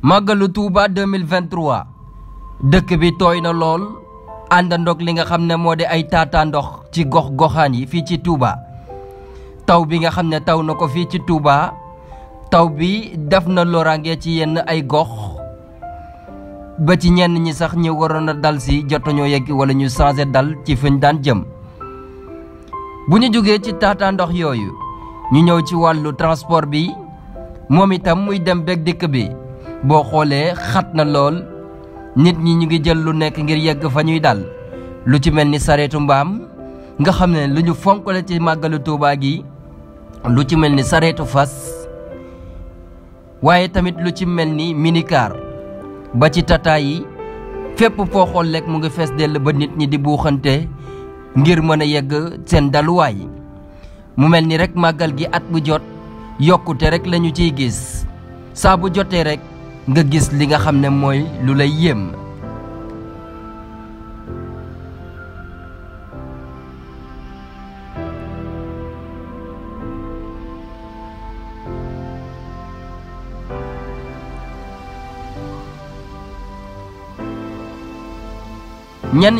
màggalu Touba 2023 dëkk bi tooy na lool àndandoog li nga xam ne moo di ay taataa ndox ci gox-goxaan yi fii ci Touba taw bi nga xam ne taw na ko fii ci Touba taw bi def na loraange ci yenn ay gox ba ci ñenn ñi sax ñu waroon a dal si jotuñoo yegg wala ñu changé dal ci fuñ daan jëm bu ñu jógee ci taataa ndox yooyu ñu ñëw ci wàllu transport bi moom itam muy dem beeg dikk bi boo xoolee xat na lool nit ñi ñu ngi jël lu nekk ngir yegg fa ñuy dal lu ci mel ni sareetu mbaam nga xam ne lu ñu fonk la ci màggalu Tuubaa gi lu ci mel ni sareetu fas waaye tamit lu ci mel ni minicar ba ci tata yi fépp foo xool rek mu ngi fees dell ba nit ñi di buuxante ngir mën a yegg seen daluwaay mu mel ni rek màggal gi at bu jot yokkute rek lañu ciy gis saa bu jotee rek nga gis li nga xam ne mooy lu lay yéem ñenn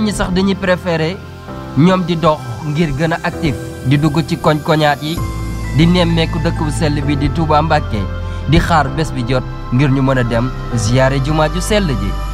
ñi sax dañuy préféré ñoom di dox ngir gën a actif di dugg ci koñ-koñaat yi di nemmeeku dëkku bu sell bi di Touba Mbacké di xaar bés bi jot ngir ñu mën a dem ziyaare jumaa ju sell ji